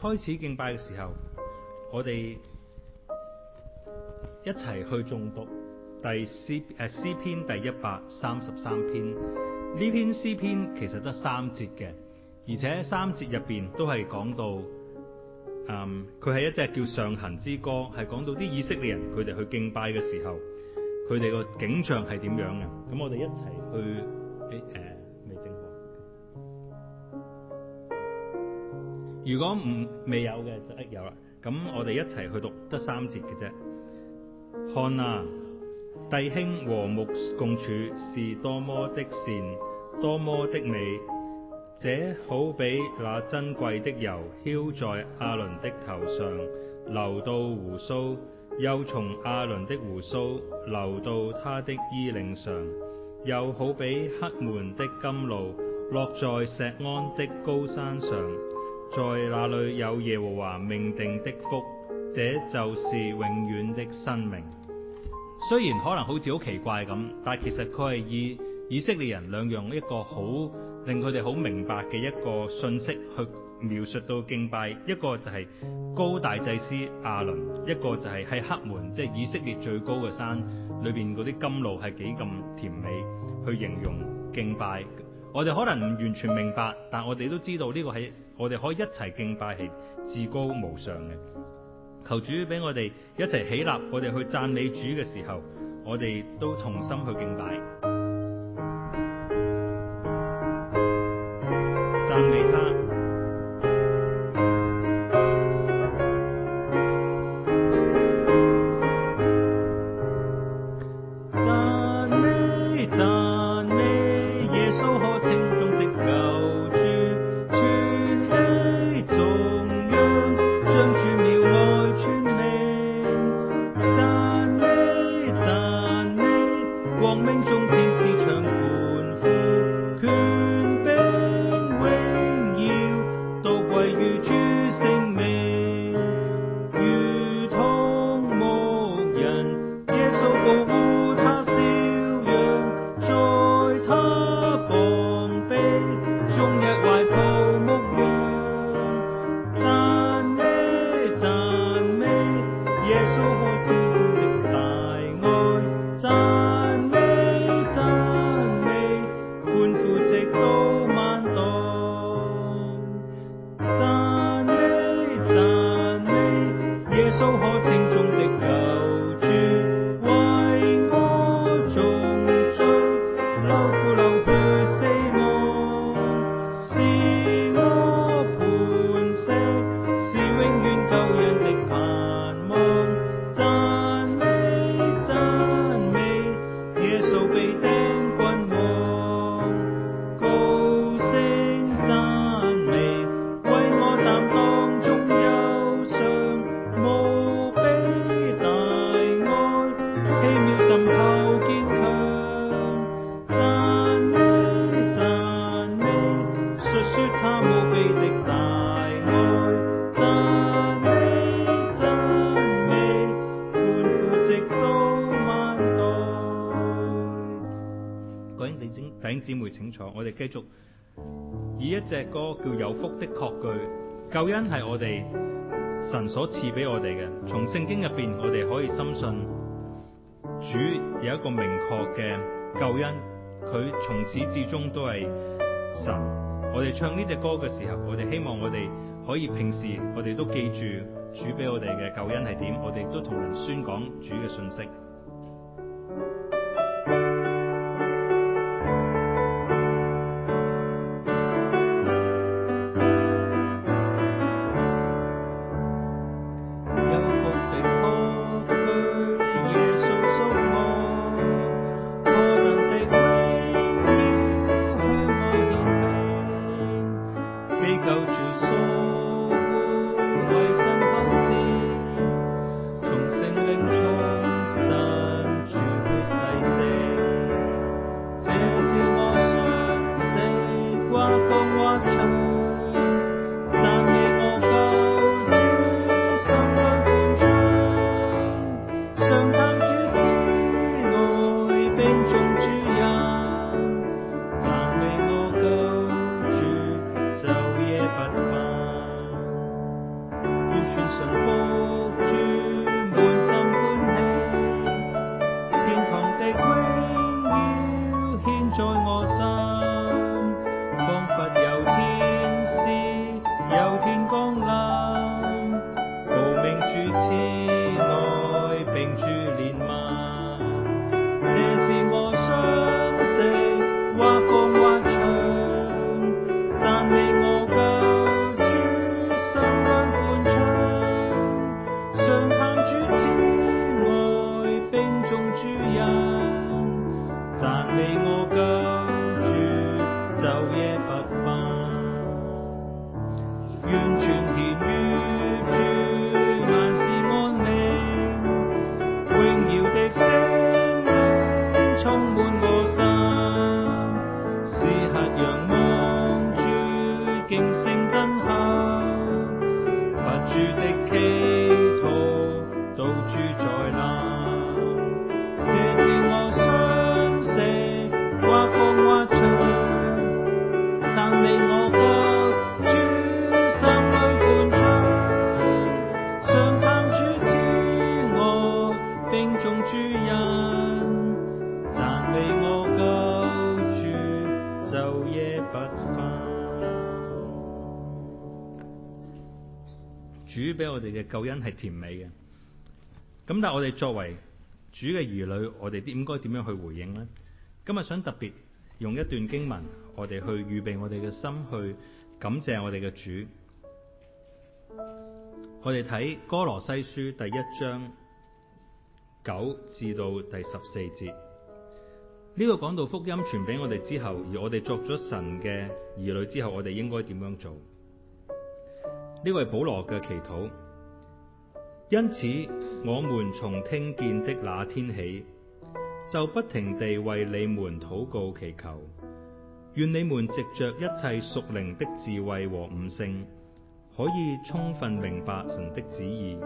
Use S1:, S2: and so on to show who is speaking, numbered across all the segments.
S1: 開始敬拜嘅時候，我哋一齊去誦讀第詩誒詩篇第一百三十三篇。呢篇詩篇其實得三節嘅，而且三節入邊都係講到，嗯，佢係一隻叫上行之歌，係講到啲以色列人佢哋去敬拜嘅時候，佢哋個景象係點樣嘅。咁我哋一齊去誒誒。如果唔未有嘅就有一有啦，咁我哋一齊去讀得三節嘅啫。看啊，弟兄和睦共處是多麼的善，多麼的美。這好比那珍貴的油，澆在亞倫的頭上，流到鬍鬚，又從亞倫的鬍鬚流到他的衣領上，又好比黑門的甘露落在錫安的高山上。在那裏有耶和華命定的福，這就是永遠的生命。雖然可能好似好奇怪咁，但其實佢係以以色列人兩樣一個好令佢哋好明白嘅一個信息去描述到敬拜。一個就係高大祭司阿倫，一個就係喺黑門，即係以色列最高嘅山裏邊嗰啲甘露係幾咁甜美，去形容敬拜。我哋可能唔完全明白，但我哋都知道呢個係。我哋可以一齊敬拜係至高無上嘅。求主俾我哋一齊起，起立，我哋去讚美主嘅時候，我哋都同心去敬拜。繼續以一隻歌叫《有福的確據》，救恩係我哋神所賜俾我哋嘅。從聖經入面，我哋可以深信主有一個明確嘅救恩，佢從始至終都係神。我哋唱呢隻歌嘅時候，我哋希望我哋可以平時我哋都記住主俾我哋嘅救恩係點，我哋都同人宣講主嘅信息。救恩係甜美嘅，咁但係我哋作為主嘅兒女，我哋應該點樣去回應呢？今日想特別用一段經文，我哋去預備我哋嘅心，去感謝我哋嘅主。我哋睇《歌羅西書》第一章九至到第十四節，呢個講到福音傳俾我哋之後，而我哋作咗神嘅兒女之後，我哋應該點樣做？呢位保羅嘅祈禱。因此，我們從聽見的那天起，就不停地為你們禱告祈求，願你們藉着一切屬靈的智慧和悟性，可以充分明白神的旨意，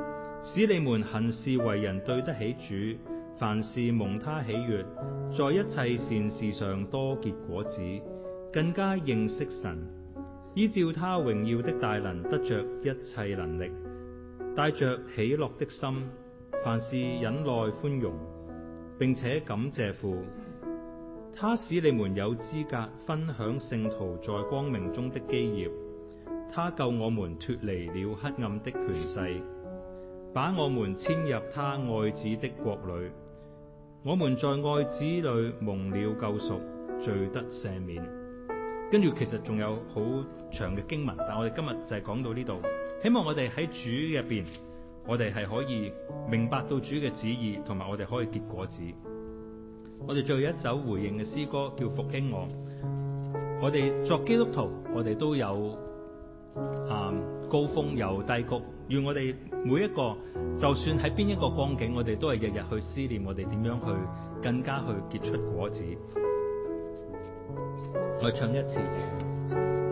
S1: 使你們行事為人對得起主，凡事蒙他喜悅，在一切善事上多結果子，更加認識神，依照他榮耀的大能得着一切能力。帶着喜樂的心，凡事忍耐寬容，並且感謝父。他使你們有資格分享聖徒在光明中的基業。他救我們脫離了黑暗的權勢，把我們遷入他愛子的國裏。我們在愛子裏蒙了救贖，罪得赦免。跟住，其實仲有好長嘅經文，但我哋今日就係講到呢度。希望我哋喺主入邊，我哋係可以明白到主嘅旨意，同埋我哋可以結果子。我哋最後一首回應嘅詩歌叫《復興我》。我哋作基督徒，我哋都有啊、嗯、高峰有低谷，願我哋每一個，就算喺邊一個光景，我哋都係日日去思念，我哋點樣去更加去結出果子。我唱一次。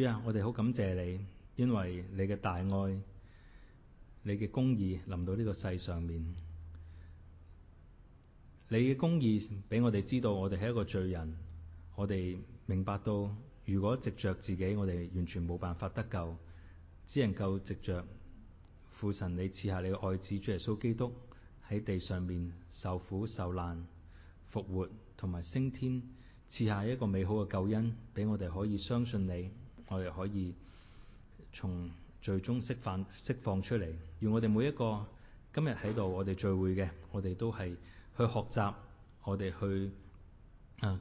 S1: 主啊，我哋好感謝你，因為你嘅大愛、你嘅公義臨到呢個世上面，你嘅公義俾我哋知道，我哋係一個罪人。我哋明白到，如果藉着自己，我哋完全冇辦法得救，只能夠藉着父神。你賜下你嘅愛子主耶穌基督喺地上面受苦受難、復活同埋升天，賜下一個美好嘅救恩俾我哋可以相信你。我哋可以從最終釋放釋放出嚟，願我哋每一個今日喺度，我哋聚會嘅，我哋都係去學習，我哋去、呃、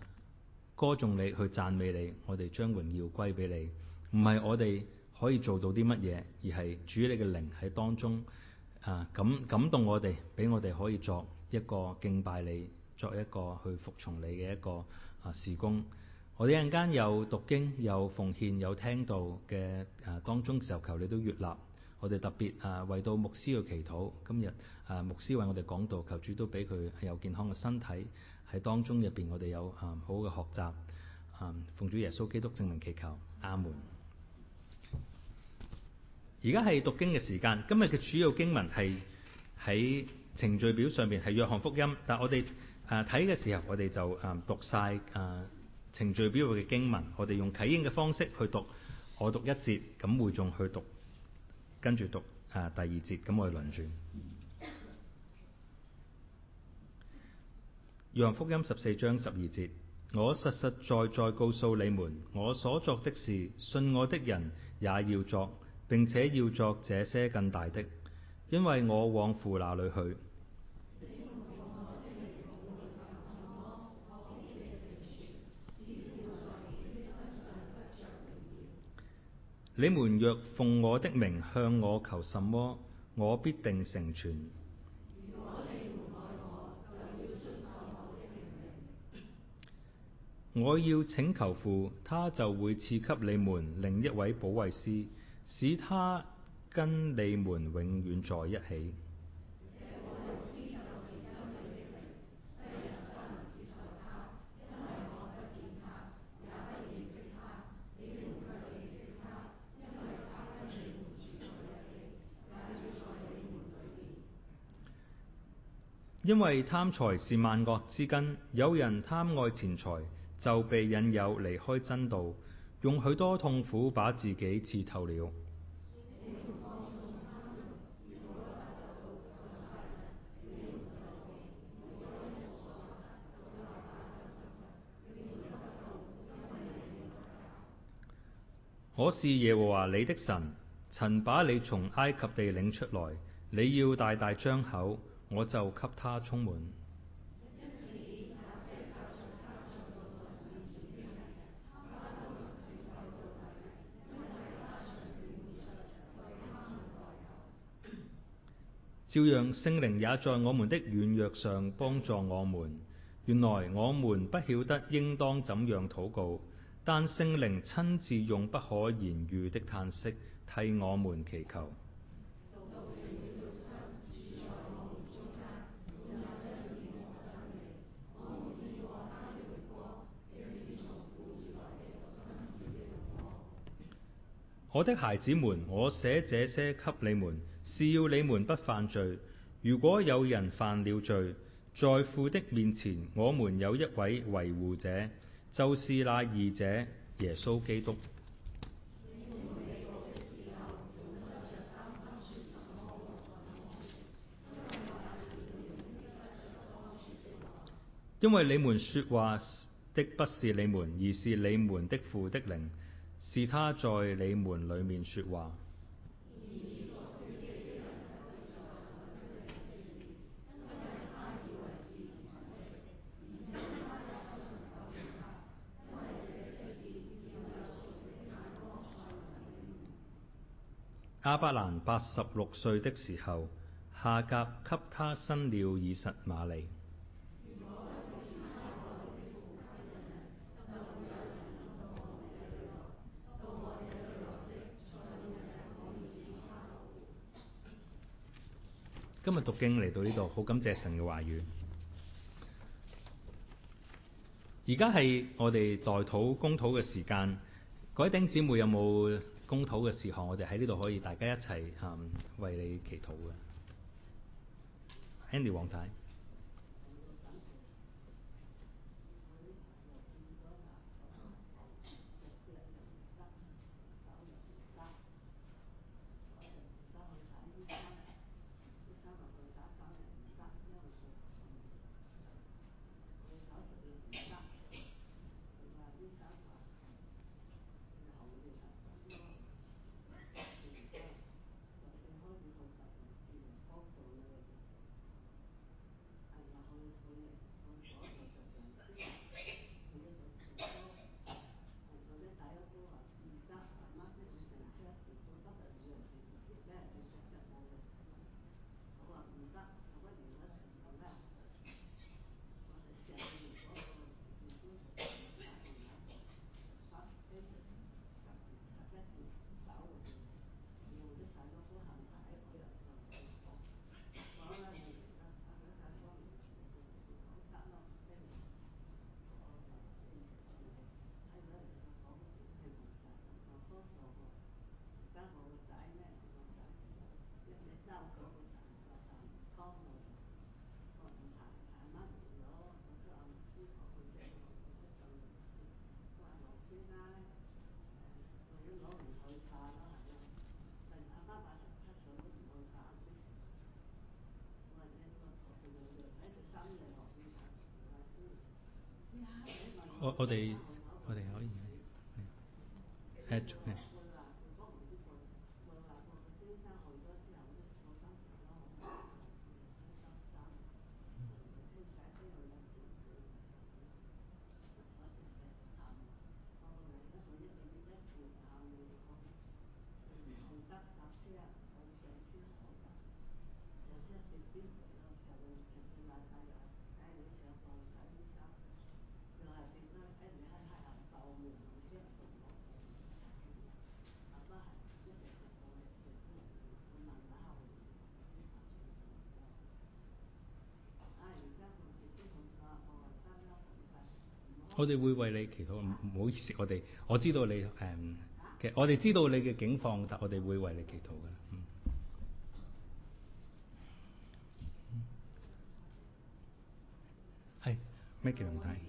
S1: 歌頌你，去讚美你，我哋將榮耀歸俾你。唔係我哋可以做到啲乜嘢，而係主你嘅靈喺當中啊感、呃、感動我哋，俾我哋可以作一個敬拜你，作一個去服從你嘅一個啊事工。我哋一陣間有讀經、有奉獻、有聽道嘅誒，當中嘅時候，求你都悅納。我哋特別誒為到牧師去祈禱。今日誒牧師為我哋講道，求主都俾佢有健康嘅身體喺當中入邊。我哋有誒好嘅學習。誒奉主耶穌基督聖名祈求，阿門。而家係讀經嘅時間。今日嘅主要經文係喺程序表上邊係約翰福音，但我哋誒睇嘅時候，我哋就誒讀晒誒。呃程序表嘅經文，我哋用啟應嘅方式去讀，我讀一節，咁會眾去讀，跟住讀啊第二節，咁我哋輪轉。約翰福音十四章十二節，我實實在在告訴你們，我所作的事，信我的人也要作，並且要作這些更大的，因為我往父那裏去。你們若奉我的名向我求什麼，我必定成全。我要，我，我要請求父，他就會賜給你們另一位保惠師，使他跟你們永遠在一起。因為貪財是萬惡之根，有人貪愛錢財，就被引誘離開真道，用許多痛苦把自己刺透了。 我是耶和華，你的神，曾把你從埃及地領出來，你要大大張口。我就給他充滿。照樣，聖靈也在我們的軟弱上幫助我們。原來我們不曉得應當怎樣禱告，但聖靈親自用不可言喻的嘆息替我們祈求。我的孩子們，我寫這些給你們，是要你們不犯罪。如果有人犯了罪，在父的面前，我們有一位維護者，就是那義者耶穌基督。因為你們說話的不是你們，而是你們的父的靈。是他在你們裡面說話。亞伯蘭八十六歲的時候，夏甲給他生了以實瑪利。今日讀經嚟到呢度，好感謝神嘅話語。而家係我哋代禱、公禱嘅時間，各位弟兄姊妹有冇公禱嘅事項？我哋喺呢度可以大家一齊吓、嗯、為你祈禱嘅。Andy 王太。我哋我哋可以，係、
S2: 嗯、做、嗯嗯嗯
S1: 我哋會為你祈禱，唔唔 好意思。我哋我知道你，誒，嘅我哋知道你嘅境況，但我哋會為你祈禱嘅。嗯，係咩問題？ hey,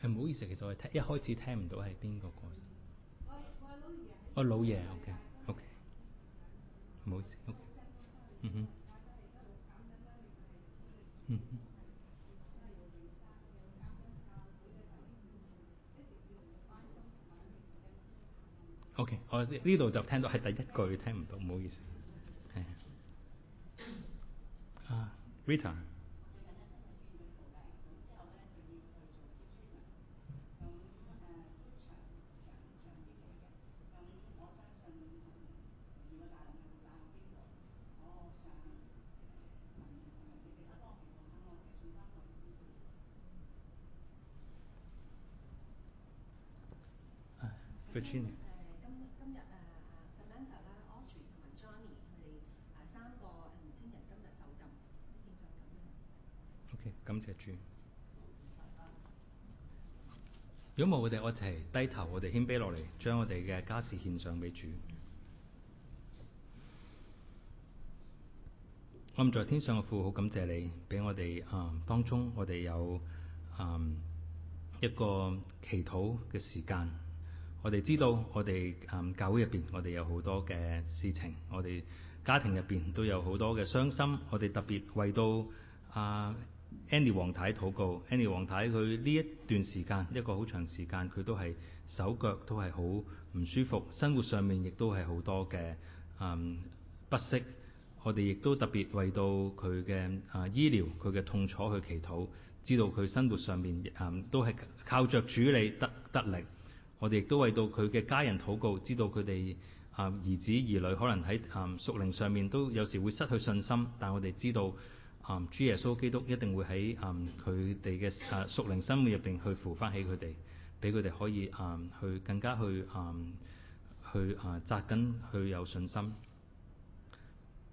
S1: 係唔好意思，其實我係一開始聽唔到係邊個歌手。哦、我老爺，爺，OK，OK，、okay, okay, 唔好意思，okay, 嗯哼，嗯哼，嗯哼 ，OK，我呢度就聽到係第一句聽唔到，唔好意思，係、哎、啊，Rita。Rita。誒
S2: 今今日誒 Samantha 啦、Audrey
S1: 同埋 Johnny 佢哋誒三個誒親人
S2: 今
S1: 日受浸感恩。OK，感謝主。如果冇我哋，我一齊低頭我卑，我哋謙卑落嚟，將我哋嘅家事獻上俾主。我唔在天上嘅父，好感謝你俾我哋誒、嗯、當中我，我哋有誒一個祈禱嘅時間。我哋知道，我哋、嗯、教會入邊，我哋有好多嘅事情；我哋家庭入邊都有好多嘅傷心。我哋特別為到阿、呃、Andy 王太禱告。Andy 王太佢呢一段時間，一個好長時間，佢都係手腳都係好唔舒服，生活上面亦都係好多嘅、呃、不適。我哋亦都特別為到佢嘅啊醫療佢嘅痛楚去祈禱，知道佢生活上面嗯、呃、都係靠着處理得得力。我哋亦都為到佢嘅家人禱告，知道佢哋啊兒子兒女可能喺啊屬靈上面都有時會失去信心，但我哋知道啊主耶穌基督一定會喺啊佢哋嘅啊屬靈生活入邊去扶翻起佢哋，俾佢哋可以啊去更加去啊去啊扎根，去有信心。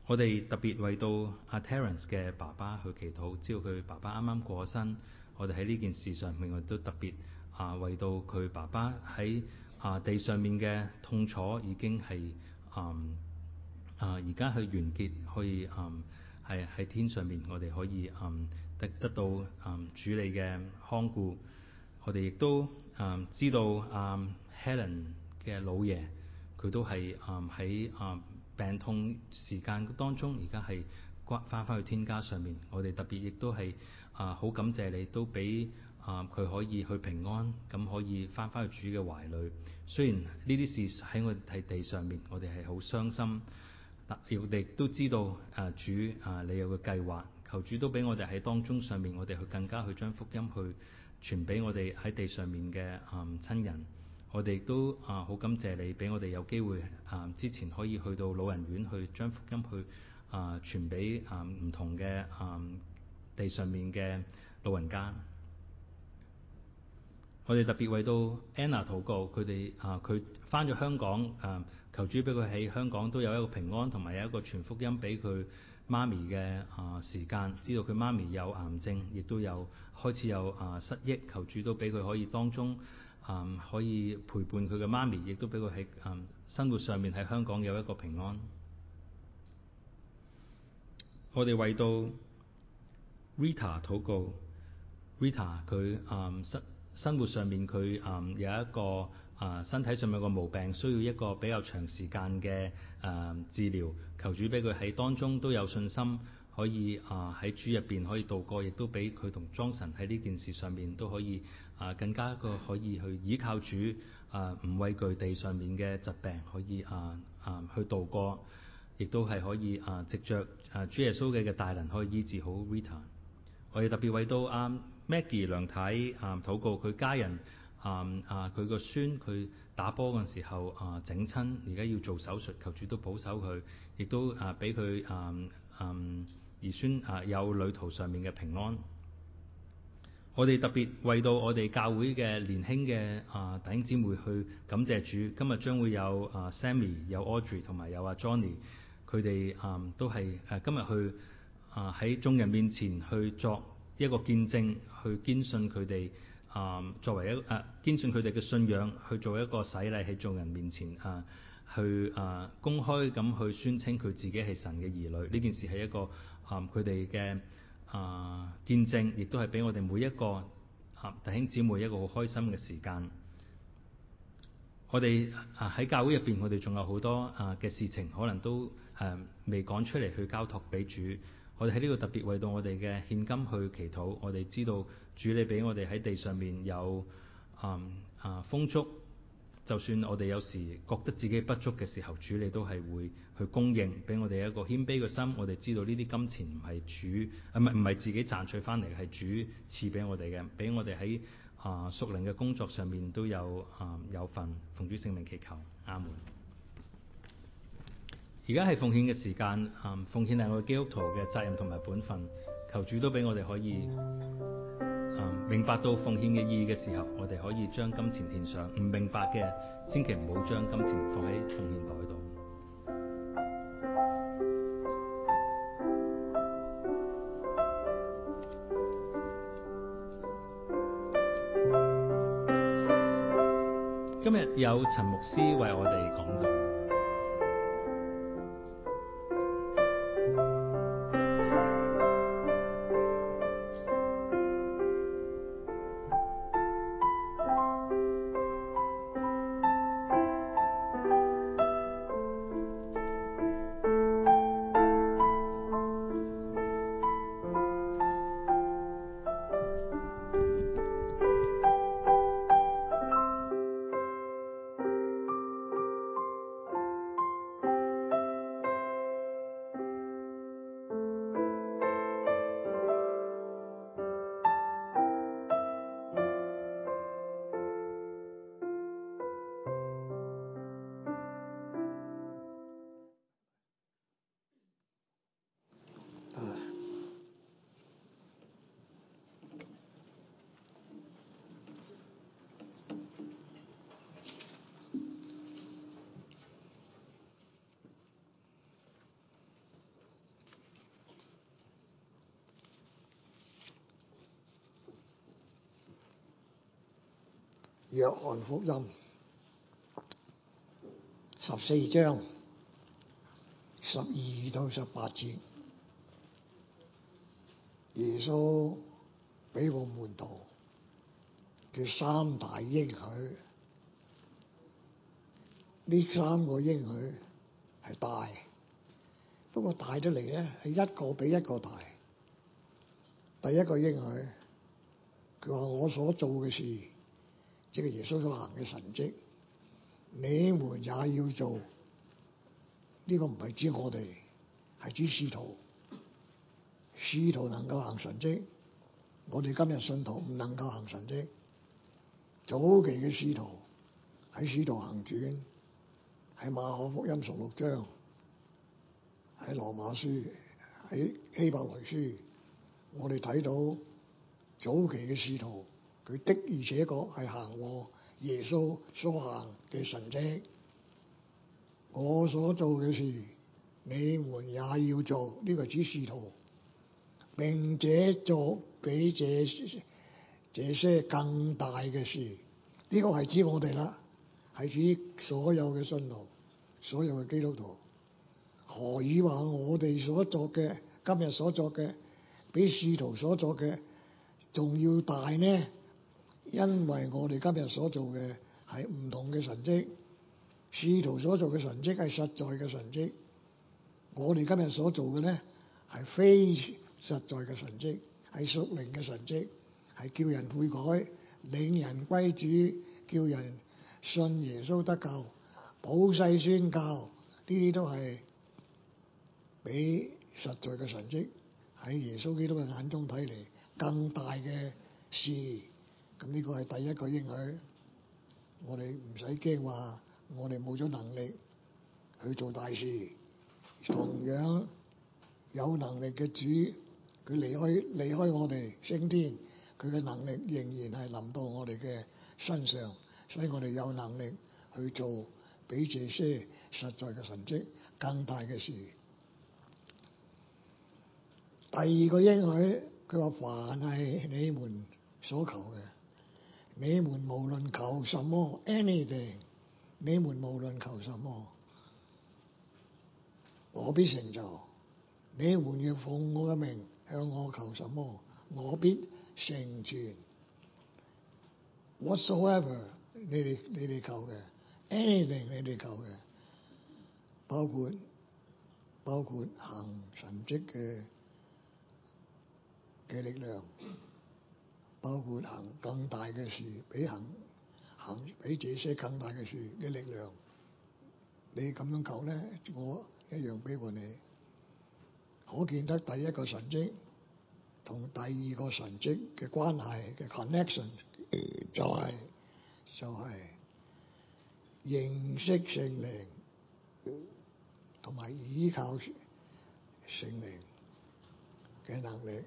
S1: 我哋特別為到阿 Terence 嘅爸爸去祈禱，知道佢爸爸啱啱過身，我哋喺呢件事上面我都特別。啊，為到佢爸爸喺啊地上面嘅痛楚，已經係啊啊而家去完結，可以啊係喺天上面，嗯嗯，我哋可以啊，得得到啊，主你嘅看顧。我哋亦都啊知道啊、嗯、Helen 嘅老爺，佢都係啊喺啊病痛時間當中，而家係翻翻去天家上面。我哋特別亦都係啊好感謝你，都俾。啊！佢可以去平安，咁可以翻返去主嘅懷裏。雖然呢啲事喺我哋喺地上面，我哋係好傷心，但係我哋都知道啊！主啊，你有個計劃。求主都俾我哋喺當中上面，我哋去更加去將福音去傳俾我哋喺地上面嘅啊親人。我哋都啊好感謝你俾我哋有機會啊之前可以去到老人院去將福音去啊傳俾啊唔同嘅啊地上面嘅老人家。我哋特別為到 Anna 禱告，佢哋啊，佢翻咗香港啊，求主俾佢喺香港都有一個平安，同埋有一個傳福音俾佢媽咪嘅啊時間，知道佢媽咪有癌症，亦都有開始有啊失憶，求主都俾佢可以當中啊、嗯、可以陪伴佢嘅媽咪，亦都俾佢喺啊生活上面喺香港有一個平安。我哋為到 Rita 禱告，Rita 佢啊失，嗯生活上面佢誒有一個誒身體上面個毛病，需要一個比較長時間嘅誒治療。求主俾佢喺當中都有信心，可以誒喺主入邊可以度過，亦都俾佢同莊神喺呢件事上面都可以誒更加一個可以去依靠主誒，唔畏懼地上面嘅疾病，可以誒誒去度過，亦都係可以誒藉著誒主耶穌嘅嘅大能，可以醫治好 Rita。我哋特別為到啱，Maggie 梁太啊，禱、uh, 告佢家人啊啊，佢個孫佢打波嗰時候啊整親，而、uh, 家要做手術，求主都保守佢，亦都啊俾佢啊啊兒孫啊、uh, 有旅途上面嘅平安。我哋特別為到我哋教會嘅年輕嘅啊弟兄姊妹去感謝主。今日將會有、uh, Sammy, 有, rey, 有,有啊 Sammy、有 Audrey 同埋有阿 Johnny，佢哋啊都係誒、uh, 今日去啊喺眾人面前去作。一個見證去堅信佢哋啊，作為一誒堅、呃、信佢哋嘅信仰去做一個洗禮喺眾人面前啊、呃，去啊、呃、公開咁去宣稱佢自己係神嘅兒女，呢件事係一個啊佢哋嘅啊見證，亦都係俾我哋每一個啊、呃、弟兄姊妹一個好開心嘅時間。我哋啊喺教會入邊，我哋仲有好多啊嘅、呃、事情，可能都誒、呃、未講出嚟，去交託俾主。我哋喺呢度特別為到我哋嘅獻金去祈禱，我哋知道主你俾我哋喺地上面有啊啊豐足，就算我哋有時覺得自己不足嘅時候，主你都係會去供應，俾我哋一個謙卑嘅心。我哋知道呢啲金錢唔係主啊唔係唔係自己賺取翻嚟，係主賜俾我哋嘅，俾我哋喺啊屬靈嘅工作上面都有啊、嗯、有份，奉主聖名祈求，阿門。而家係奉獻嘅時間，奉獻係我基督徒嘅責任同埋本分。求主都俾我哋可以明白到奉獻嘅意義嘅時候，我哋可以將金錢獻上。唔明白嘅，千祈唔好將金錢放喺奉獻袋度。今日有陳牧師為我哋講。
S3: 約翰福音十四章十二到十八節，耶穌俾我門徒叫三大應許。呢三個應許係大，不過大得嚟，咧係一個比一個大。第一個應許，佢話我所做嘅事。即係耶穌所行嘅神蹟，你們也要做。呢、這個唔係指我哋，係指使徒，使徒能夠行神蹟。我哋今日信徒唔能夠行神蹟。早期嘅使徒喺使徒行傳，喺馬可福音十六章，喺羅馬書，喺希伯來書，我哋睇到早期嘅使徒。佢的而且確係行和耶穌所行嘅神蹟，我所做嘅事，你們也要做。呢、這個係指使徒，並且做比這這些更大嘅事。呢、這個係指我哋啦，係指所有嘅信徒，所有嘅基督徒。何以話我哋所作嘅，今日所作嘅，比使徒所作嘅仲要大呢？因為我哋今日所做嘅係唔同嘅神蹟，使徒所做嘅神蹟係實在嘅神蹟，我哋今日所做嘅咧係非實在嘅神蹟，係屬靈嘅神蹟，係叫人悔改、領人歸主、叫人信耶穌得救、普世宣教，呢啲都係比實在嘅神蹟喺耶穌基督嘅眼中睇嚟，更大嘅事。咁呢個係第一個應許，我哋唔使驚話，我哋冇咗能力去做大事，同樣有能力嘅主，佢離開離開我哋升天，佢嘅能力仍然係臨到我哋嘅身上，所以我哋有能力去做比這些實在嘅神蹟更大嘅事。第二個應許，佢話凡係你們所求嘅。你們無論求什麼 anything，你們無論求什麼，我必成就。你們要奉我嘅名，向我求什麼，我必成全。Whatsoever 你哋你哋求嘅，anything 你哋求嘅，包括包括行神蹟嘅嘅力量。包括行更大嘅事，俾行行俾這些更大嘅事嘅力量，你咁樣求咧，我一樣俾過你。可見得第一個神迹同第二個神迹嘅關係嘅 connection，就係、就係、認識聖靈同埋依靠聖靈嘅能力。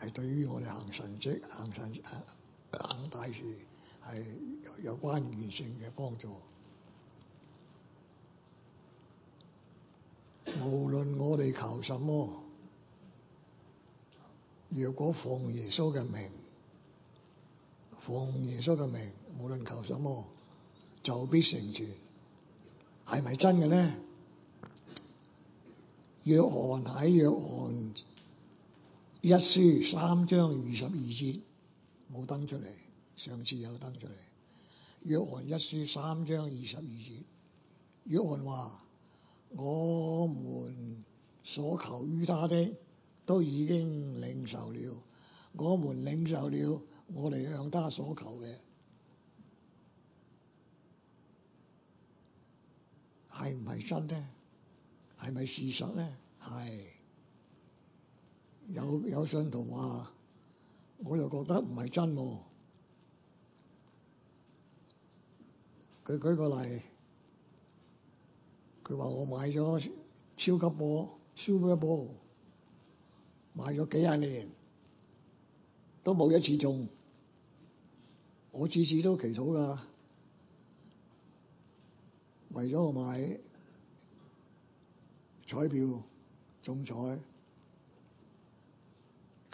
S3: 係對於我哋行神跡、行神行大事係有關鍵性嘅幫助。無論我哋求什麼，若果奉耶穌嘅名，奉耶穌嘅名，無論求什麼，就必成全。係咪真嘅呢？約翰喺約翰一書三章二十二節冇登出嚟，上次有登出嚟。約翰一書三章二十二節，約翰話：我們所求於他的都已經領受了，我們領受了，我哋向他所求嘅係唔係真的？係咪事實咧？係。有有信徒話，我就覺得唔係真。佢舉個例，佢話我買咗超級波 Super Bowl，買咗幾廿年，都冇一次中。我次次都祈禱㗎，為咗我買彩票中彩。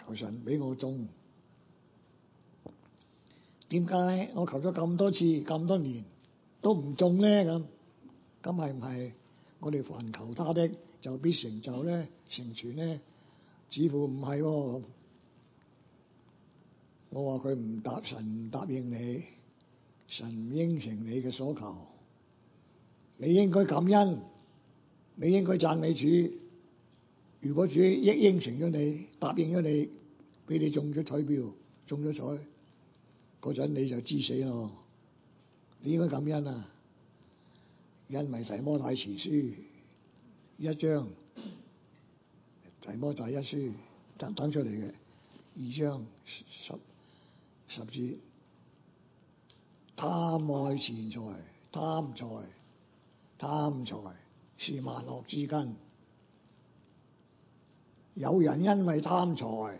S3: 求神俾我中，點解我求咗咁多次、咁多年都唔中咧？咁咁係唔係我哋凡求他的就必成就咧，成全咧？似乎唔係喎。我話佢唔答神，唔答應你，神應承你嘅所求，你應該感恩，你應該讚你主。如果主已應承咗你，答應咗你。俾你中咗彩票，中咗彩嗰陣你就知死咯！你應該感恩啊，因為提摩太前書一章提摩太一書等，等出嚟嘅二章十十節，貪愛錢財、貪財、貪財是萬惡之根。有人因為貪財，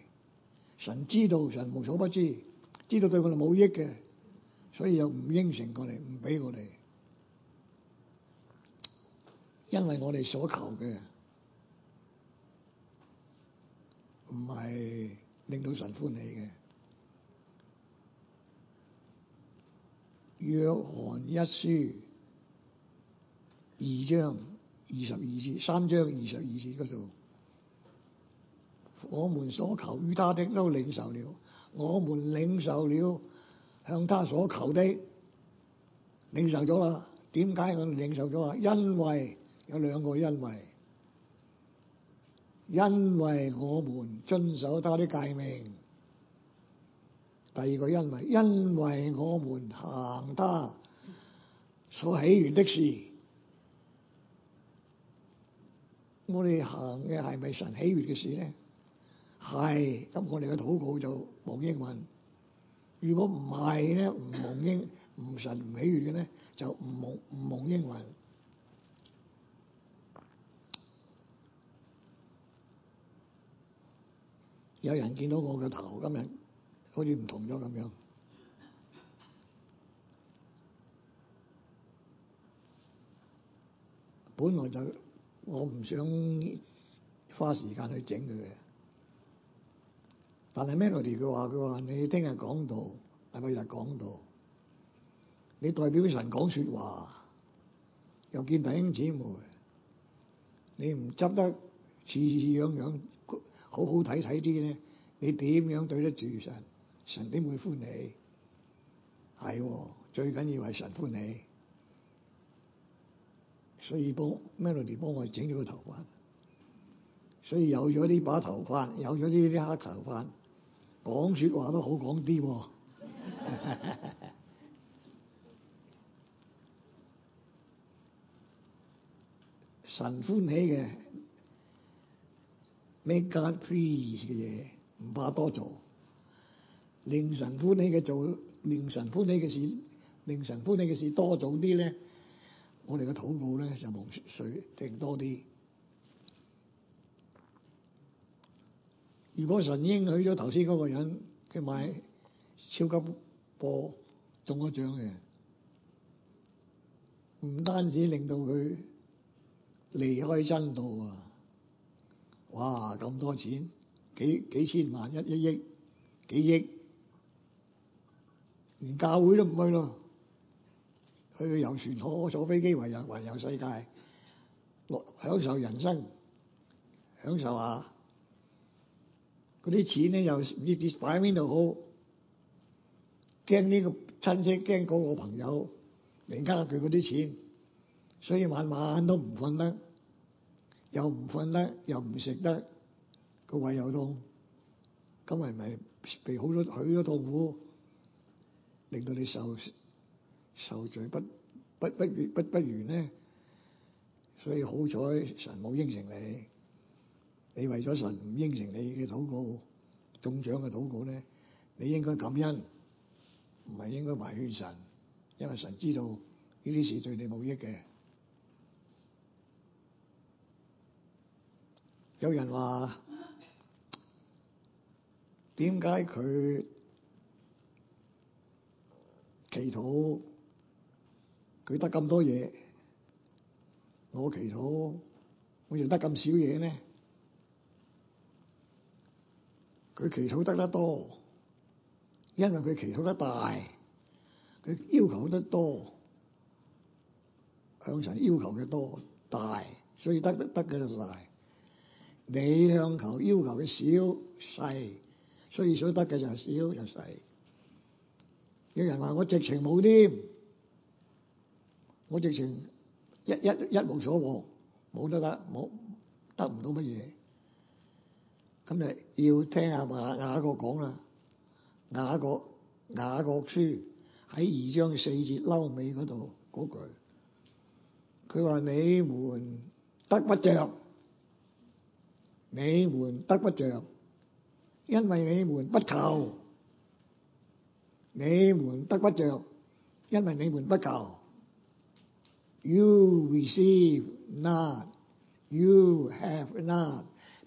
S3: 神知道，神無所不知，知道對我哋冇益嘅，所以又唔應承過嚟，唔俾我哋，因為我哋所求嘅唔係令到神歡喜嘅。約翰一書二章二十二節，三章二十二節度。我們所求於他的都領受了，我們領受了向他所求的，領受咗啦。點解我哋領受咗啊？因為有兩個因為，因為我們遵守他的誡命；第二個因為，因為我們行他所喜悦的事。我哋行嘅係咪神喜悦嘅事咧？係，咁我哋嘅禱告就蒙應允。如果唔係咧，唔蒙應，唔神唔喜悅咧，就唔蒙唔蒙應允。有人見到我嘅頭今日好似唔同咗咁樣。本來就我唔想花時間去整佢嘅。但係 Melody 佢話：佢話你聽日講道，禮拜日講道，你代表神講説話，又見弟兄姊妹，你唔執得似似樣樣好好睇睇啲咧，你點樣對得住神？神點會歡你？係喎，最緊要係神歡你。所以幫 Melody 幫我整咗個頭髮，所以有咗呢把頭髮，有咗呢啲黑頭髮。講說話都好講啲，神歡喜嘅，make God please 嘅嘢，唔怕多做。令神歡喜嘅做，令神歡喜嘅事，令神歡喜嘅事多做啲咧，我哋嘅禱告咧就蒙垂聽多啲。如果神英去咗頭先嗰個人，佢買超級波中咗獎嘅，唔單止令到佢離開真道啊！哇，咁多錢，幾幾千萬、一、一億、幾億，連教會都唔去咯，去遊船河、坐坐飛機，環遊環遊世界，享受人生，享受下。嗰啲錢咧又唔知擺喺邊度好，驚呢個親戚，驚嗰個朋友嚟呃佢嗰啲錢，所以晚晚都唔瞓得，又唔瞓得又唔食得，個胃又痛，咁係咪被好多許多痛苦，令到你受受罪不不不不不如呢，所以好彩神冇應承你。你為咗神唔應承你嘅禱告中獎嘅禱告咧，你應該感恩，唔係應該埋怨神，因為神知道呢啲事對你冇益嘅。有人話：點解佢祈禱佢得咁多嘢，我祈禱我仲得咁少嘢咧？佢祈禱得得多，因為佢祈禱得大，佢要求得多，向神要求嘅多大，所以得得得嘅就大。你向求要求嘅少細，所以所得嘅就係少就細。有人話：我直情冇㞗，我直情一一一無所獲，冇得得，冇得唔到乜嘢。今日要聽下話雅各講啦，雅各、雅各書喺二章四節嬲尾嗰度嗰句，佢話你們得不着，你們得不着，因為你們不求，你們得不著，因為你們不求。You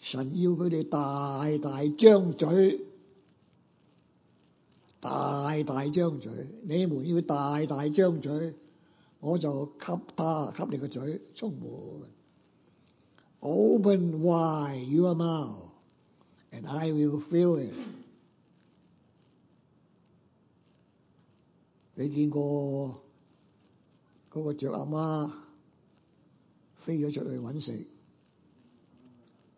S3: 神要佢哋大大張嘴，大大張嘴，你們要大大張嘴，我就給他給你個嘴充滿。Open wide, your mouth, and I will fill it。你見過嗰個雀阿媽飛咗出去揾食？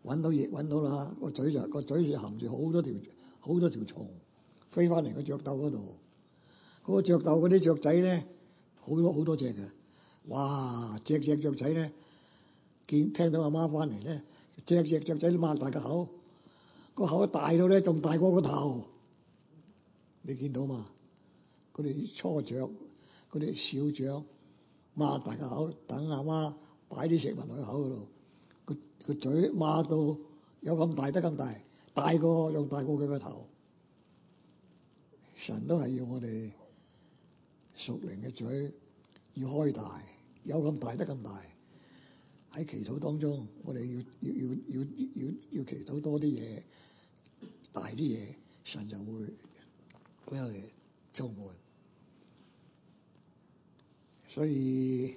S3: 搵到嘢，搵到啦！個嘴，就個嘴含住好多條好多條蟲飛翻嚟個雀竇嗰度。嗰個雀竇嗰啲雀仔咧，好多好多隻嘅。哇！隻隻雀仔咧，見，聽到阿媽翻嚟咧，隻隻雀仔擘大個口，個口大到咧仲大過個頭。你見到嘛？嗰啲雛雀，嗰啲小雀，擘大個口等阿媽擺啲食物落個口度。個嘴擘到有咁大得咁大，大過又大過佢個頭。神都係要我哋屬靈嘅嘴要開大，有咁大得咁大。喺祈禱當中，我哋要要要要要祈禱多啲嘢，大啲嘢，神就會俾我哋敞開。所以。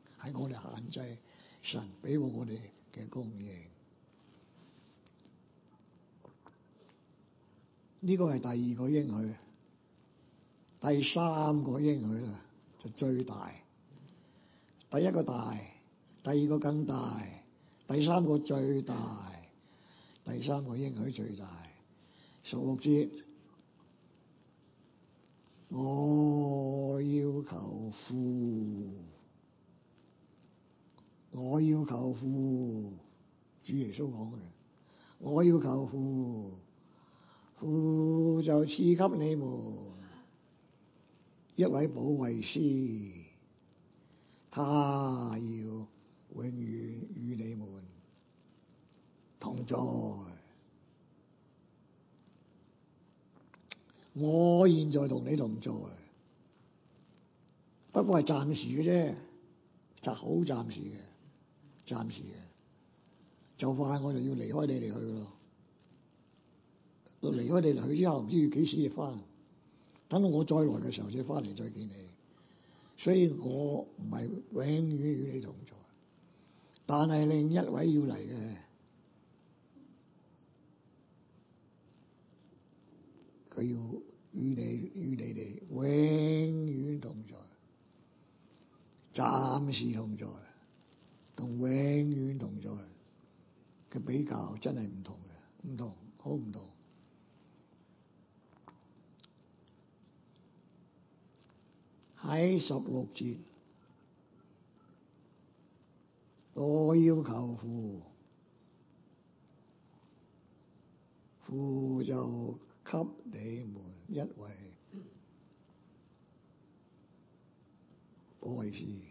S3: 係我哋限制神俾我哋嘅供應，呢個係第二個應許，第三個應許啦，就最大。第一個大，第二個更大，第三個最大，第三個應許最大。十六節，我要求父。我要求父，主耶穌講嘅，我要求父，父就賜給你們一位保惠師，他要永遠與你們同在。我現在同你同在，不過係暫時嘅啫，就好暫時嘅。暫時嘅，就快我就要離開你哋去咯。到離開你哋去之後，唔知要幾時翻。等到我再來嘅時候，再翻嚟再見你。所以我唔係永遠與你同在，但係另一位要嚟嘅，佢要與你與你哋永遠同在，暫時同在。同永遠同在嘅比較真係唔同嘅，唔同、好唔同。喺十六節，我要求父，父就給你們一位愛師。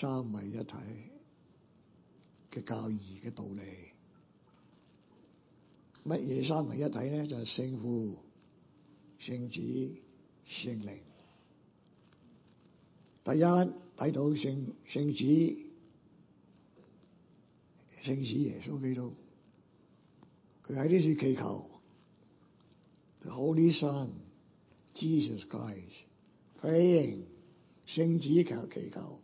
S3: 三位一體嘅教義嘅道理，乜嘢三位一體咧？就係、是、聖父、聖子、聖靈。第一睇到聖聖子，聖子耶穌基督，佢喺呢處祈求 Holy Son Jesus Christ, praying，聖子求祈求。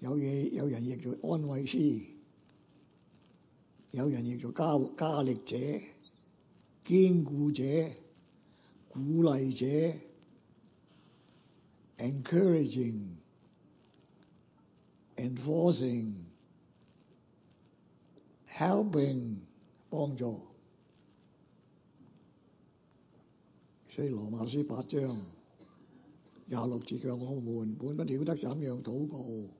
S3: 有嘢有人亦做安慰師，有人亦做加加力者、堅固者、鼓勵者、encouraging、enforcing、helping 幫助。所以羅馬書八章廿六節叫我們，本不曉得怎樣禱告。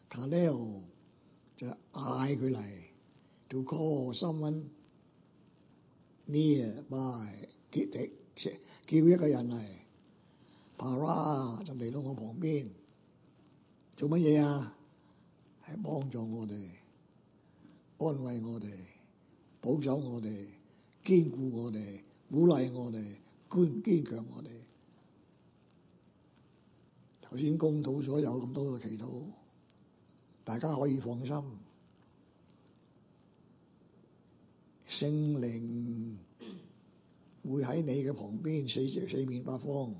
S3: 卡雷就嗌佢嚟，to call someone nearby，叫一個人嚟。帕拉就嚟到我旁邊，做乜嘢啊？係幫助我哋，安慰我哋，保守我哋，堅固我哋，鼓勵我哋，堅堅強我哋。頭先公討咗有咁多嘅祈禱。大家可以放心，聖靈會喺你嘅旁邊，四四面八方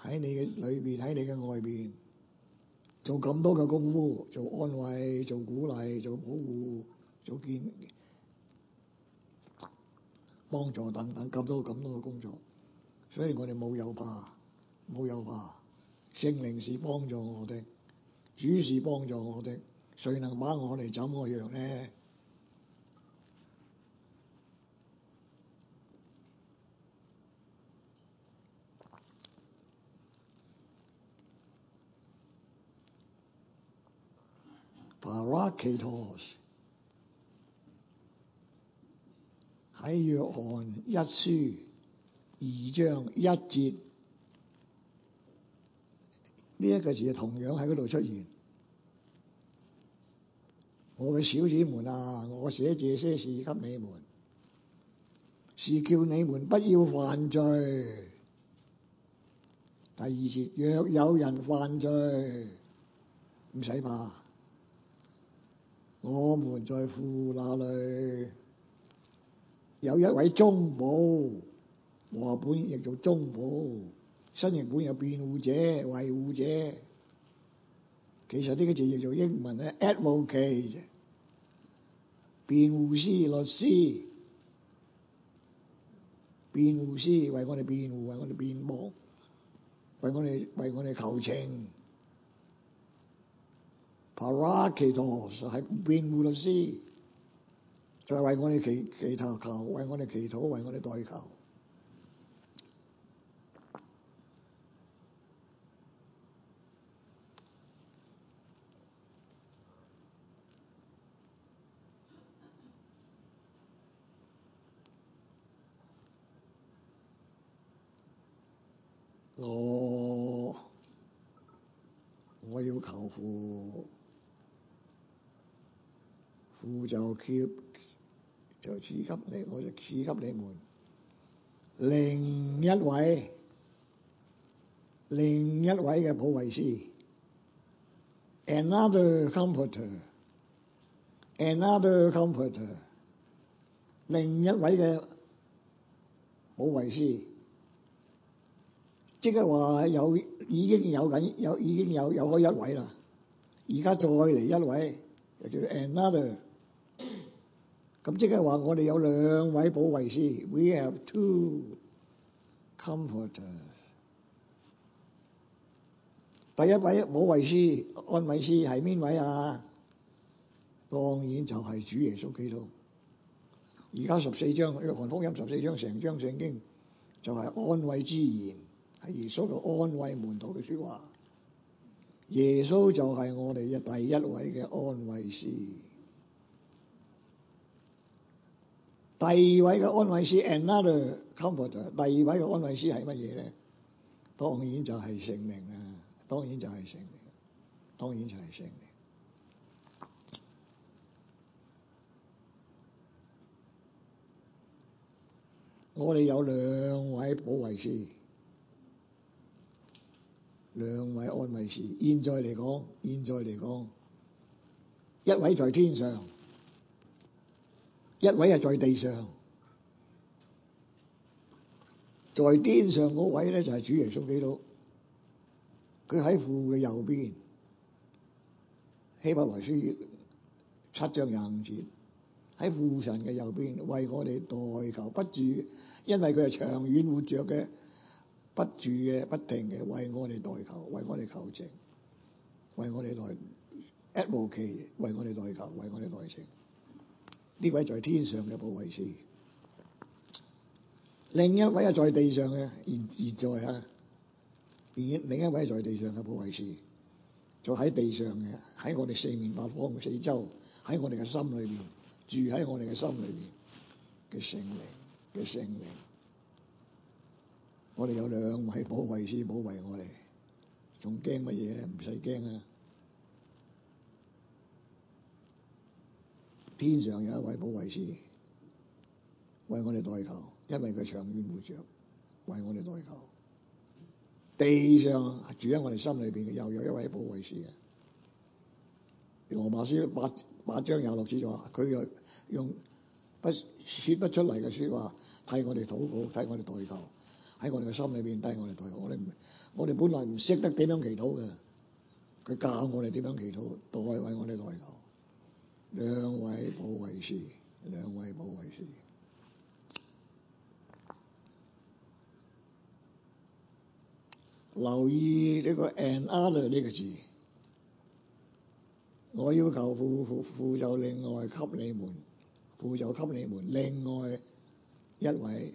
S3: 喺你嘅裏邊，喺你嘅外邊，做咁多嘅功夫，做安慰，做鼓勵，做保護，做建幫助等等咁多咁多嘅工作，所以我哋冇有有怕，冇有有怕，聖靈是幫助我哋。主是幫助我的，誰能把我哋怎樣呢？Parakletos 喺約翰一書二章一節。呢一個字同樣喺度出現。我嘅小子們啊，我寫這些事給你們，是叫你們不要犯罪。第二節，若有人犯罪，唔使怕。我們在乎那裏？有一位中保，我本亦做中保。新型本有辯護者、維護者，其實呢個字叫做英文咧，advocate 啫。辯護師、律師、辯護師為我哋辯護，為我哋辯護，為我哋為我哋求情。Parakletos 係辯護律師，就係、是、為我哋祈祈禱、求為我哋祈禱、為我哋代求。我我要求父，父就賜就賜給你，我就賜給你們。另一位，另一位嘅保惠師，another comforter，another comforter，另一位嘅保惠師。即係話有已經有緊有已經有已經有開一位啦，而家再嚟一位，就叫 another。咁即係話我哋有兩位保惠師，we have two comforters. 第一位保惠師、安慰師係邊位啊？當然就係主耶穌基督。而家十四章約翰福音十四章成章聖經就係安慰之言。係耶穌嘅安慰門徒嘅說話，耶穌就係我哋嘅第一位嘅安慰師。第二位嘅安慰師，another Comforter, 第二位嘅安慰師係乜嘢咧？當然就係聖靈啦，當然就係聖靈，當然就係聖靈。我哋有兩位保惠師。兩位安慰師，現在嚟講，現在嚟講，一位在天上，一位係在地上，在天上嗰位咧就係主耶穌基督，佢喺父嘅右邊，希伯來書七章廿五節，喺父神嘅右邊為我哋代求，不住，因為佢係長遠活着嘅。不住嘅，不停嘅，為我哋代求，為我哋求情，為我哋來 advocate 為我哋代求，為我哋代情，呢位在天上嘅保惠師。另一位啊，在地上嘅而而在啊，另一另一位在地上嘅保惠師，就喺、是、地上嘅，喺我哋四面八方嘅四周，喺我哋嘅心裏邊，住喺我哋嘅心裏邊嘅聖靈嘅聖靈。我哋有兩位保惠師保衛我哋，仲驚乜嘢咧？唔使驚啊！天上有一位保惠師為我哋代求，因為佢長遠活着，為我哋代求。地上住喺我哋心裏邊嘅又有一位保惠師嘅，羅馬書八八章廿六節就話：佢用不說不出嚟嘅說話替我哋禱告，替我哋代求。喺我哋嘅心裏邊，低我哋代我哋唔，我哋本來唔識得點樣祈禱嘅，佢教我哋點樣祈禱，代為我哋代求。兩位保惠師，兩位保惠師，留意呢個 another 呢個字。我要求父，父就另外給你們，父就給你們另外一位。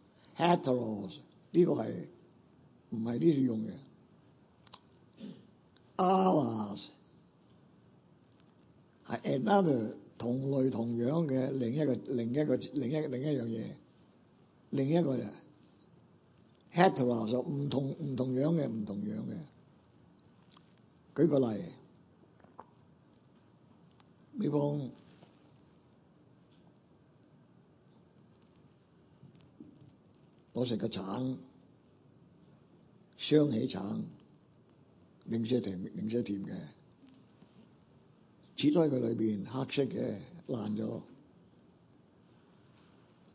S3: Heteros 呢個係唔係呢種用嘅，allos 係 another 同類同樣嘅另一個另一個另一另一樣嘢，另一個就 heteros 就唔同唔同樣嘅唔同樣嘅。舉個例，你講。攞成個橙，雙喜橙，零舍甜零舍甜嘅，切開佢裏邊黑色嘅爛咗，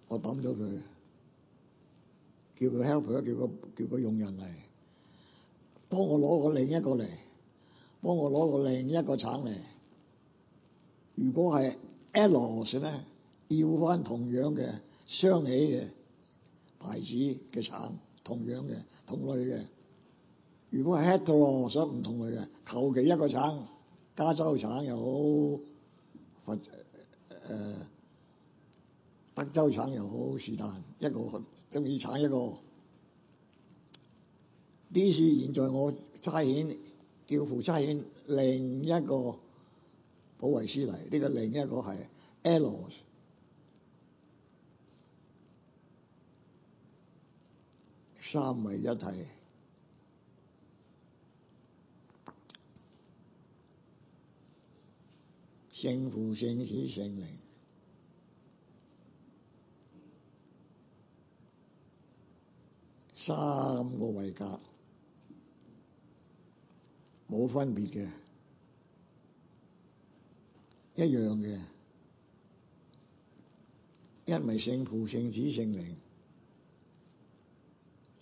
S3: 我抌咗佢，叫佢 help her，叫佢叫佢用人嚟，幫我攞個另一個嚟，幫我攞個另一個橙嚟。如果係 Ellis 咧，要翻同樣嘅雙喜嘅。牌子嘅橙，同樣嘅，同類嘅。如果係 hetero 所以唔同類嘅，求其一個橙，加州橙又好，或誒、呃、德州橙又好，是但一個中意橙一個。呢次現在我差遣叫父差遣另一個保惠師嚟，呢、呢個另一個係 allos。三位一體，聖父、聖子、聖靈，三個位格冇分別嘅，一樣嘅，一位聖父、聖子、聖靈。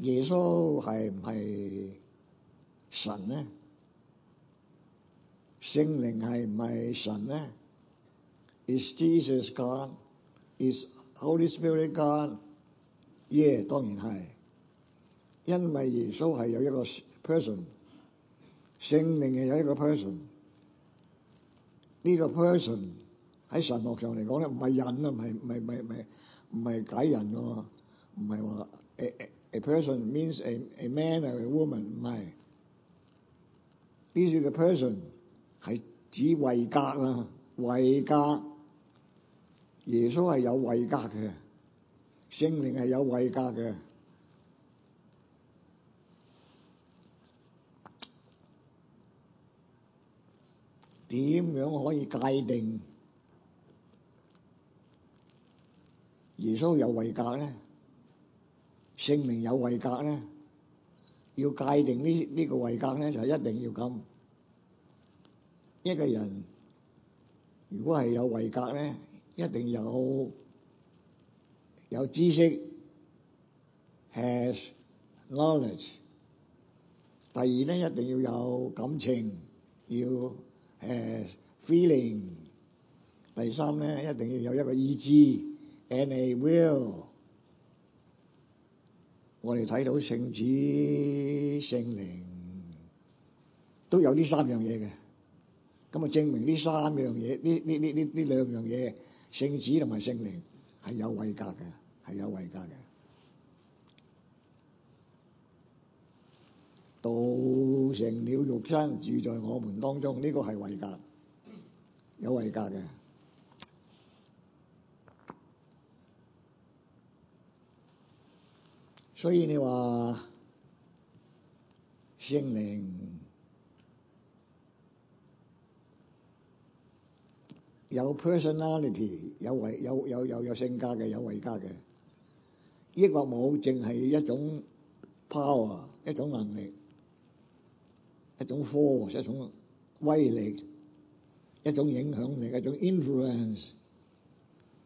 S3: 耶穌係唔係神呢？聖靈係唔係神呢？Is Jesus God? Is Holy Spirit God? Yeah，當然係。因為耶穌係有一個 person，聖靈係有一個 person。呢個 person 喺神學上嚟講咧，唔係人啊，唔係唔係唔係唔係唔係解人噶，唔係話誒誒。哎哎 A person means a, a man or a woman 唔係，呢處嘅 person 係指位格啊，位格。耶穌係有位格嘅，聖靈係有位格嘅。點樣可以界定耶穌有位格咧？姓名有位格咧，要界定，這個，呢呢個位格咧，就一定要咁。一個人如果係有位格咧，一定有有知識，has knowledge。第二咧，一定要有感情，要 has feeling。第三咧，一定要有一個意志，and a will。我哋睇到聖子聖靈都有呢三樣嘢嘅，咁啊證明呢三樣嘢，呢呢呢呢呢兩樣嘢，聖子同埋聖靈係有位格嘅，係有位格嘅。道成了肉身住在我們當中，呢個係位格，有位格嘅。所以你話聖靈有 personality 有位有有有有性格嘅有位家嘅，抑或冇淨係一種 power，一種能力，一種 force，一種威力，一種影響力，一種 influence。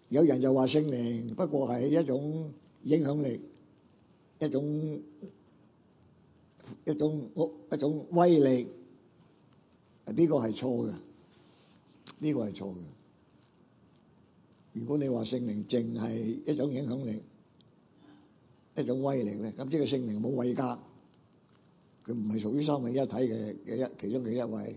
S3: 有人就話聖靈不過係一種影響力。一種一種一種威力，呢、這個係錯嘅，呢、這個係錯嘅。如果你話聖靈淨係一種影響力，一種威力咧，咁即係聖靈冇位格，佢唔係屬於三位一體嘅嘅一其中嘅一位。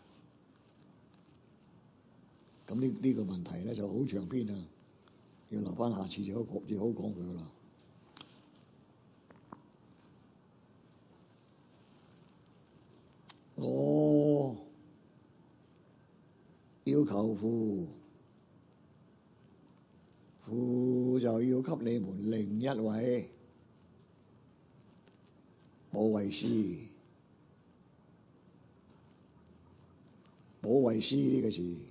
S3: 咁呢呢個問題咧就好長篇啊，要留返下，下次再講，再好講佢噶啦。我、哦、要求父，父就要給你們另一位保惠師，保惠師呢個字。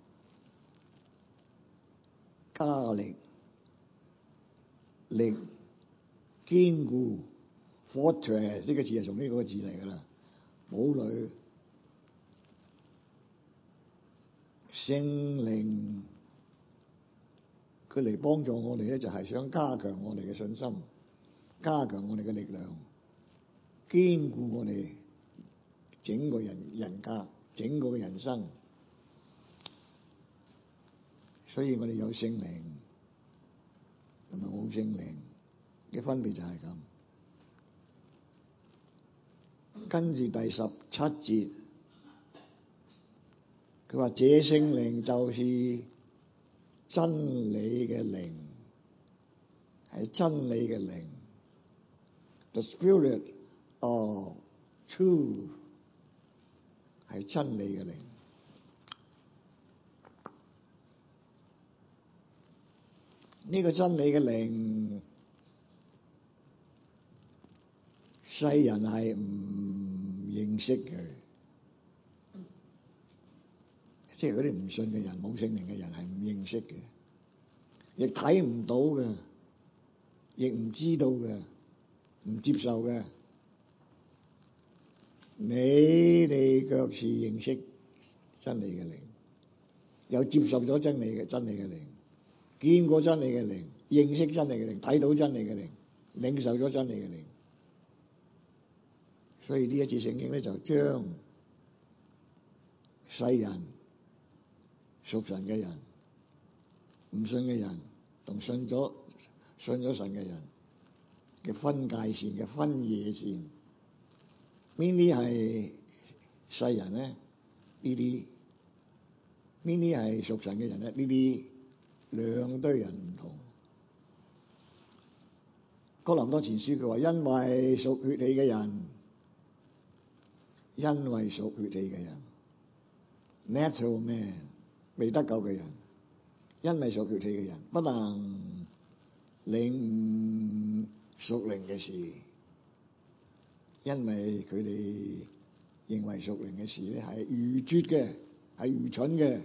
S3: 加力、力堅固 fortress 呢個字係從呢個字嚟㗎啦，堡壘。聖靈佢嚟幫助我哋咧，就係想加強我哋嘅信心，加強我哋嘅力量，堅固我哋整個人人格、整個嘅人生。所以我哋有聖靈，同埋冇聖靈嘅分別就係咁。跟住第十七節，佢話：這聖靈就是真理嘅靈，係真理嘅靈，the spirit of truth，係真理嘅靈。呢個真理嘅靈，世人係唔認識佢，即係嗰啲唔信嘅人、冇聖靈嘅人係唔認識嘅，亦睇唔到嘅，亦唔知道嘅，唔接受嘅。你哋卻是認識真理嘅靈，又接受咗真理嘅真理嘅靈。見過真理嘅靈，認識真理嘅靈，睇到真理嘅靈，領受咗真理嘅靈。所以呢一次聖經咧，就將世人、屬神嘅人、唔信嘅人同信咗、信咗神嘅人嘅分界線嘅分野線，邊啲係世人咧？呢啲邊啲係屬神嘅人咧？呢啲兩堆人唔同。哥林多前書佢話：因為屬血氣嘅人，因為屬血氣嘅人，natural man 未得救嘅人，因為屬血氣嘅人不能領屬靈嘅事，因為佢哋認為屬靈嘅事咧係愚拙嘅，係愚蠢嘅。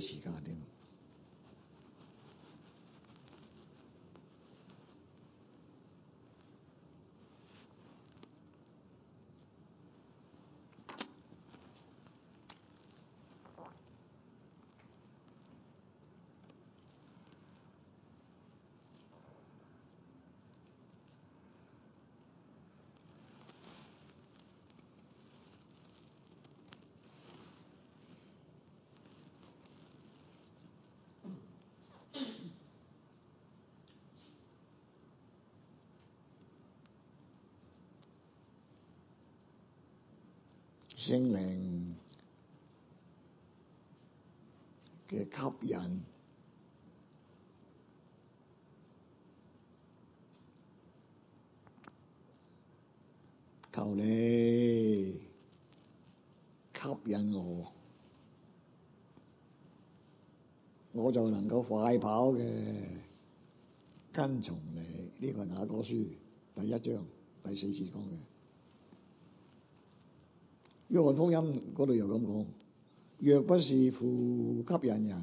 S3: 時間點。聖靈嘅吸引，求你吸引我，我就能夠快跑嘅跟從你。呢、這個係雅歌書第一章第四節講嘅。約翰福音嗰度又咁講：若不是父吸引人，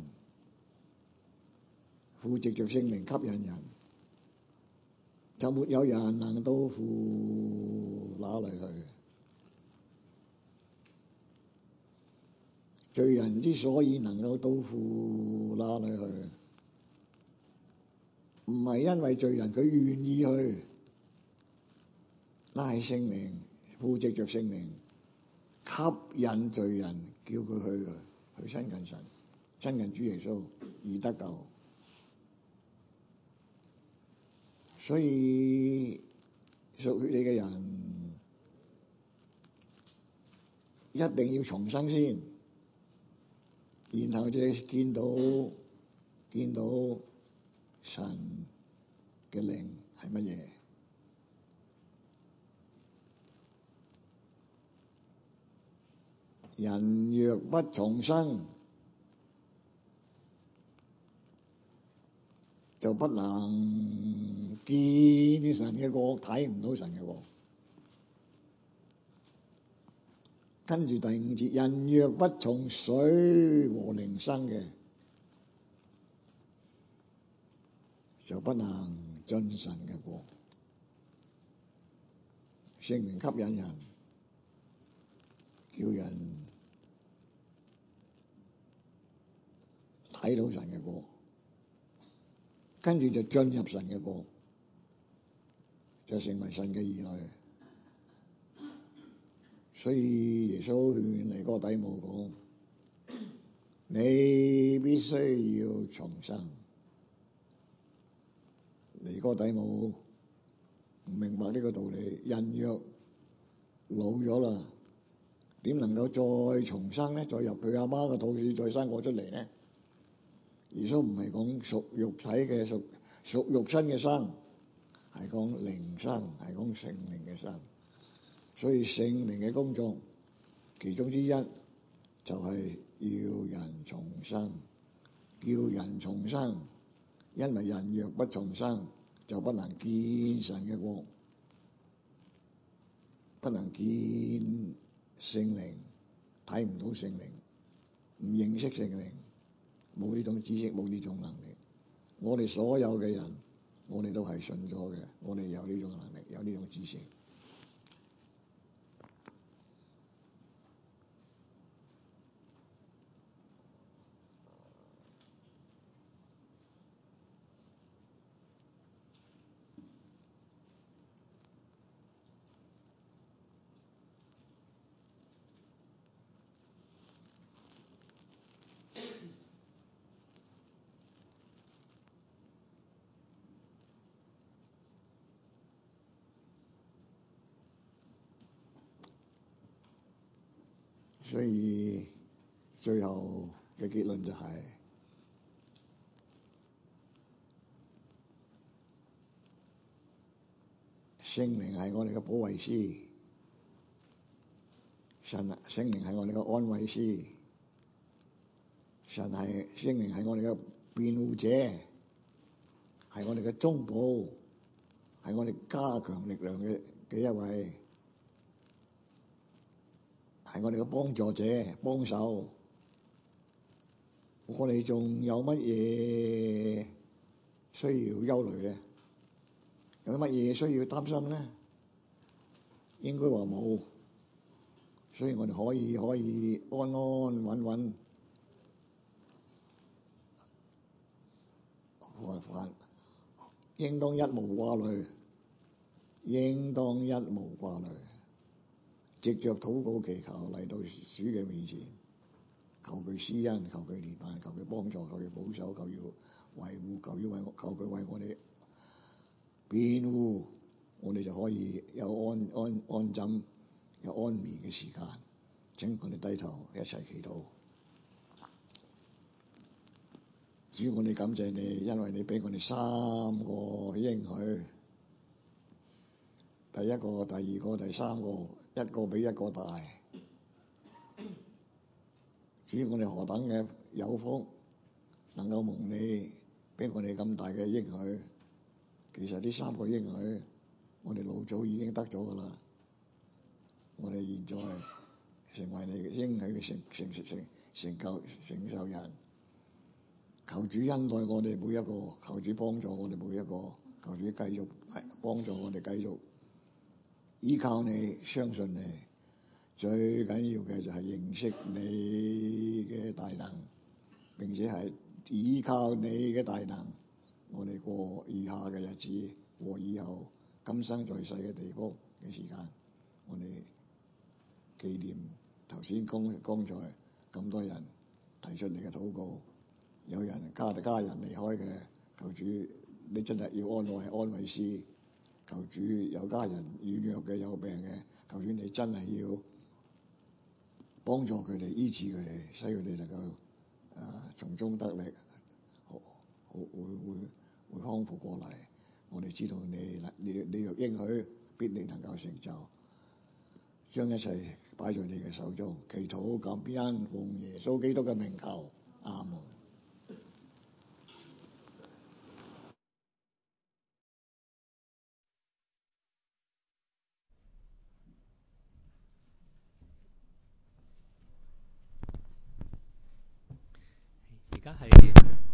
S3: 父藉着聖靈吸引人，就沒有人能到父那裡去。罪人之所以能夠到父那裡去，唔係因為罪人佢願意去，乃係聖靈，父藉着聖靈。吸引罪人，叫佢去，去親近神，親近主耶穌而得救。所以屬於你嘅人一定要重生先，然後就見到見到神嘅靈係乜嘢。人若不重生，就不能見神嘅國，睇唔到神嘅國。跟住第五節，人若不從水和靈生嘅，就不能進神嘅國，聖靈吸引人，叫人。睇到神嘅國，跟住就進入神嘅國，就是，成為神嘅兒女。所以耶穌勸尼哥底母講：你必須要重生。尼哥底母唔明白呢個道理，人若老咗啦，點能夠再重生咧？再入佢阿媽嘅肚子再生過出嚟咧？耶穌唔係講屬肉體嘅、屬屬肉身嘅生，係講靈生，係講聖靈嘅生。所以聖靈嘅工作，其中之一就係要人重生，叫人重生，因為人若不重生，就不能見神嘅國，不能見聖靈，睇唔到聖靈，唔認識聖靈。冇呢種知識，冇呢種能力，我哋所有嘅人，我哋都係信咗嘅，我哋有呢種能力，有呢種知識。最後嘅結論就係、是，聖靈係我哋嘅保惠師，神啊！聖靈係我哋嘅安慰師，神係聖靈係我哋嘅辯護者，係我哋嘅中保，係我哋加強力量嘅嘅一位，係我哋嘅幫助者、幫手。我哋仲有乜嘢需要憂慮咧？有乜嘢需要擔心咧？應該話冇，所以我哋可以可以安安穩穩。好啊，法，應當一無掛慮，應當一無掛慮，藉著禱告祈求嚟到主嘅面前。求佢施恩，求佢憐憫，求佢幫助，求佢保守，求佢維護，求佢為我，求佢為我哋辯護，我哋就可以有安安安枕、有安眠嘅時間。請佢哋低頭一齊祈禱。主，我哋感謝你，因為你俾我哋三個應許，第一個、第二個、第三個，一個比一個大。至於我哋何等嘅有福，能夠蒙你，俾我哋咁大嘅應許，其實呢三個應許我哋老早已經得咗噶啦，我哋現在成為你嘅應許嘅成成成成就承受人，求主恩待我哋每一個，求主幫助我哋每一個，求主繼續幫助我哋繼續依靠你，相信你。最緊要嘅就係認識你嘅大能，並且係依靠你嘅大能，我哋過餘下嘅日子和以後今生在世嘅地方嘅時間，我哋紀念頭先剛剛才咁多人提出嚟嘅禱告，有人家家人離開嘅，求主你真係要安慰安慰師，求主有家人軟弱嘅有病嘅，求主你真係要。幫助佢哋，醫治佢哋，使佢哋能夠啊從中得力，會會會會會康復過嚟。我哋知道你你你，你若應許必定能夠成就。將一切擺在你嘅手中，祈禱感恩，講邊間，奉耶穌基督嘅名求，阿門。